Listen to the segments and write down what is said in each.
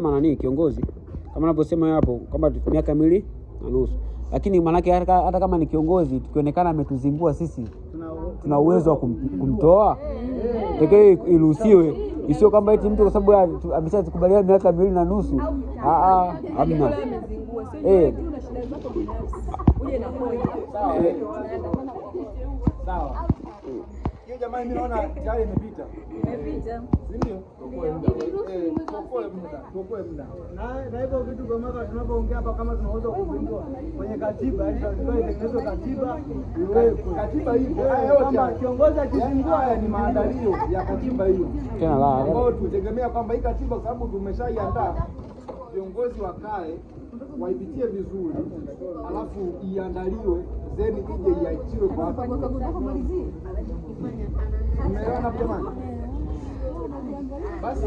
kama nani kiongozi kama anavyosema hapo kwamba miaka miwili na nusu, lakini maanake hata kama ni kiongozi tukionekana ametuzingua sisi, tuna uwezo wa kum, kumtoa pekee iruhusiwe, isio kwamba eti mtu kwa sababu ameshakubaliana miaka miwili na nusu. amna eh Sawa. jamani, mimi naona tayari imepita. Imepita. Ndio tuokoe muda. Na hivyo vitu Gomaka tunapoongea hapa, kama tunaweza kuzindua kwenye katiba, itengenezwe katiba, katiba hiyo kiongozi akizindua ni maandalio ya katiba hiyo, ambao tutegemea kwamba hii katiba, kwa sababu tumeshaiandaa viongozi wa kale waipitie vizuri, alafu iandaliwe zeni ije iachiwe kwa watu. Umeona jamani? Basi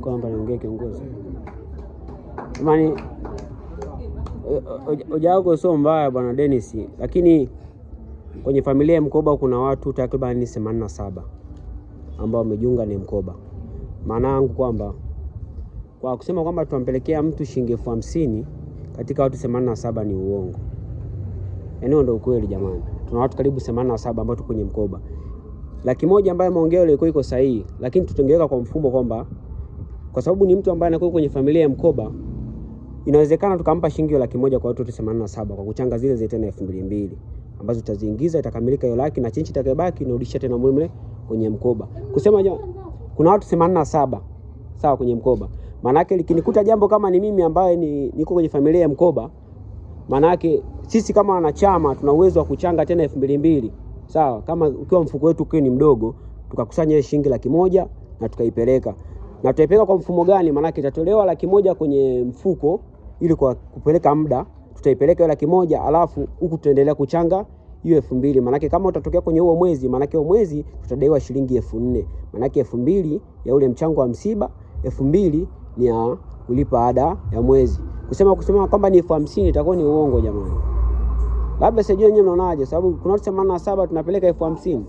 kwamba niongee kiongozi amani. Eh, eh, hoja yako sio mbaya bwana Dennis, lakini kwenye familia ya Mkoba kuna watu takribani themanini na saba ambao wamejiunga na Mkoba. Maana yangu kwamba kwa kusema kwamba tunampelekea mtu shilingi elfu hamsini katika watu themanini na saba ni uongo. Eneo yaani ndio ukweli jamani tuna watu karibu 87 ambao tuko kwenye mkoba. Laki moja ambayo maongeo yalikuwa iko sahihi, lakini tutengeweka kwa mfumo kwamba kwa sababu ni mtu ambaye anakuwa kwenye familia ya mkoba, inawezekana tukampa shilingi laki moja kwa watu 87 kwa kuchanga zile zile tena elfu ambazo tutaziingiza, itakamilika hiyo laki na chenchi itakayobaki inarudisha tena mle kwenye mkoba. Kusema jo, kuna watu 87 sawa kwenye mkoba. Maana yake likinikuta jambo kama ni mimi ambaye ni niko kwenye familia ya mkoba maana yake sisi kama wanachama tuna uwezo wa kuchanga tena elfu mbili mbili, sawa. Kama ukiwa mfuko wetu ukiwa ni mdogo, tukakusanya shilingi laki moja na tukaipeleka na tutaipeleka kwa mfumo gani? Maana yake itatolewa laki moja kwenye mfuko ili kwa kupeleka muda, tutaipeleka hiyo laki moja alafu huku tutaendelea kuchanga hiyo elfu mbili. yake kama utatokea kwenye huo mwezi, maanake huo mwezi tutadaiwa shilingi elfu nne. yake elfu mbili ya ule mchango wa msiba, elfu mbili ni ya kulipa ada ya mwezi kusema kusema kwamba ni elfu hamsini itakuwa ni uongo jamani. Labda sijui nyinyi mnaonaje, sababu kuna watu themanini na saba tunapeleka elfu hamsini